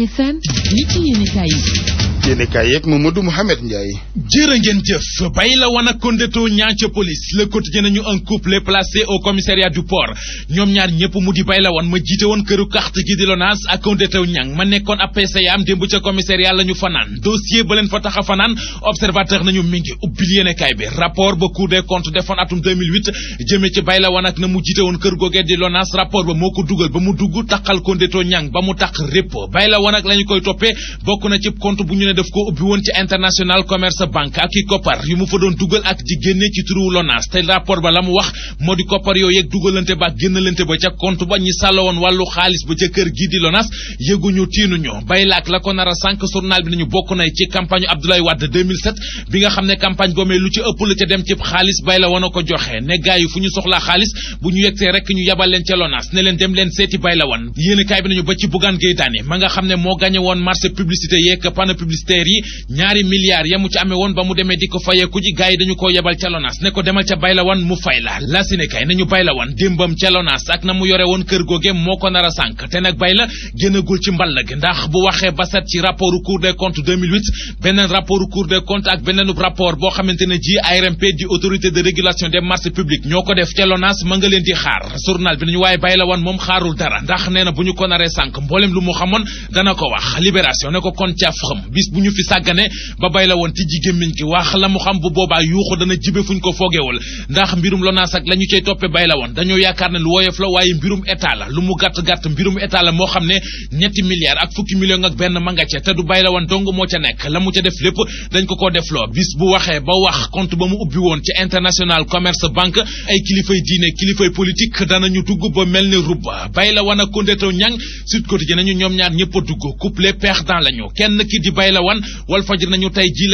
Dakar FM, Midi et yéenekaay yeeg ngeen jëf bay ak kondetoo ñaa ca police le quotidien nañu un couple placé au commissariat du port ñoom ñaar ñëpp mu di bay ma jiite woon këru carte gi di lonaas ak kondetoo ñang ma nekkoon ab PCA am démb ca commissariat la ñu fanaan dossier ba fa tax a fanaan observateur nañu mi ngi ubbil yéenekaay bi rapport ba cour des comptes defoon atum 2008 ci bay ak na mu jiite woon kër googee di lonaas rapport ba moo ko dugal ba mu dugg ne def ko ubbi woon ci international commerce banque ak i koppar yu mu fa doon dugal ak di génne ci turu LONASE te rapport ba la mu wax moo di koppar yooyu yeeg dugalante ba ak génnalante ba ca compte ba ñi sàlla woon wàllu xaalis ba ca kër gi di lonas yëguñu tiinuñu bay laak la ko nar a sànq journal bi nañu bokk na ci campagne Abdoulaye Wade 2007 nga xam ne campagne boomee lu ci ëpp la ca dem ci xaalis bay la woon a ko joxe ne gaay yi fu ñu soxlaa xaalis bu ñu yegtee rek ñu yabal leen ca lonas ne leen dem leen seeti bay la woon yéenekaay bi nañu ba ci Bougane Gueye Dany ma nga xam ne moo gañe woon marché publicité yeeg panneau publicitaire yi ñaari milliards amee woon ba mu demee di ko fayeeku ji gaay yi ko yebal ca lonas ne ko demal ca bay la la yéenekaay nañu bay la wan démbam ca Lonase ak na mu yore woon kër googe moo ko nar a te nag bay la génnagul ci mball gi ndax bu waxee ba ci rapport Cour des comptes beneen rapport Cour des comptes ak beneenub rapport boo xamante ne ji ARMP di autorité de régulation des marchés publics ñoo ko def ca Lonase ma nga leen di xaar journal bi nañu waaye bay la wan moom xaarul dara ndax nee bu ñu ko naree sànk mboolem lu mu xamoon dana ko wax libération ne ñu cay toppe bay la woon dañoo yaakaar ne lu woyof la waaye mbirum état la lu mu gàtt-gàtt mbirum état la moo xam ne ñetti ak fukki ak benn ma nga ca te du bay dong moo ca nekk la mu ca def lépp dañ ko koo defloo bis bu waxee ba wax compte ba mu ubbi woon ci international commerce banque ay kilifay diine kilifay politique danañu dugg ba mel ni rubba bay la wan ak kondétaw ñang Sud nañu ñoom ñaar ñëpp a dugg couple perdant lañu kenn ki di bay la wan Walf Fadjri nañu tey ji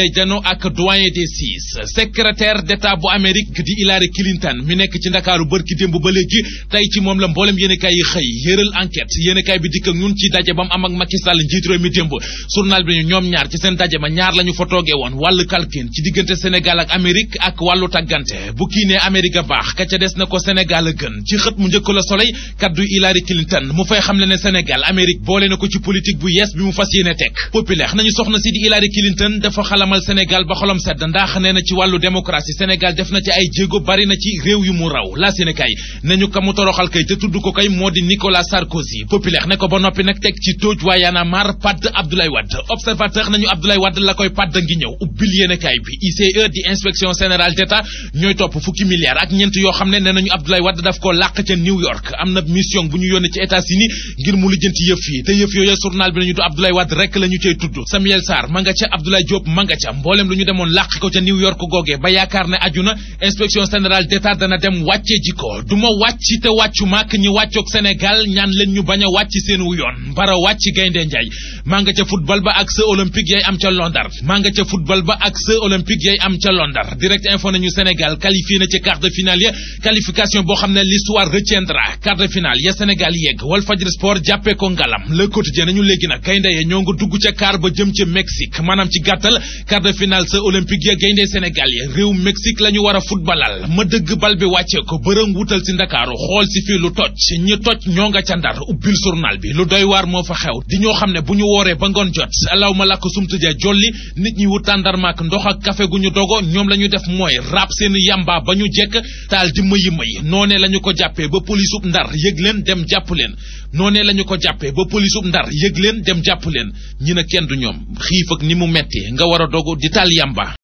di Hillary Clinton mi nekk ci ndakaaru bërki démb ba léegi tey ci moom la mboolem yéenekaay yi xëy yëral enquête yéenekaay bi dikk ak ci daje ba mu am njiit réew mi démb journal bi ñu ñoom ñaar ci seen daje ma ñaar la fa toogee woon wàllu kalkin ci diggante Sénégal ak Amérique ak wàllu tàggante bu kii a baax ka des na ko Sénégal a gën ci xët mu njëkk la Soleil kaddu Hillary Clinton mu fay xamle ne Sénégal Amérique boole na ko ci politique bu yees bi fas yéene mu raw laa seen nañu ka mu toroxal kay te tudd ko kay moo di Nicolas Sarkozy populaire ne ko ba noppi nag teg ci tóoj waa Y'en a marre padd observateur nañu Abdoulaye Wade la koy padd ngi ñëw ubbil yéen bi ICE di inspection générale d'État ñooy topp fukki milliards ak ñeent yoo xam ne nañu Abdoulaye Wade daf ko làq ca New York am na mission bu ñu yónnee ci États-Unis ngir mu lijjanti yëf yi te yëf yooyu journal bi nañu du Abdoulaye itam wàcce jikko du ma wàcc te wàccu maak ñi wàccoog Sénégal ñaan leen ñu bañ a wàcc seen wu yoon bara wàcc gaynde njaay maa nga ca football ba ak jeux olympique yay am ca Londar maa nga ca football ba ak jeux olympique yay am ca Londar direct info nañu Sénégal qualifié na ci quart de finale ya qualification boo xam ne l'histoire retiendra quart de finale ya Sénégal yegg wal fajri sport jàppee ko ngalam le quotidien nañu léegi na gaynde ya ñoo nga dugg ca quart ba jëm ca Mexique maanaam ci gàttal quart de finale jeux olympique ya gaynde Sénégal ya réew Mexique la ñu war a wàcce ko bërëm wutal si ndakaaru xool si fii lu toj ñi toj ñoo nga ca ndar ubbil journal bi lu doy waar moo fa xew di ñoo xam ne bu ñu wooree ba ngoon jot alaw ma làkk sumtuja jolli nit ñi wut tàndarmaak ndox ak café gu ñu dogo ñoom la ñu def mooy raab seen yamba ba ñu jekk taal di mëyi mëy noonee la ñu ko jàppee ba polisub ndar yëg leen dem jàpp leen noonee la ñu ko jàppee ba polisub ndar yëg leen dem jàpp leen ñi na kenn du ñoom xiif ni mu metti nga war a di taal yamba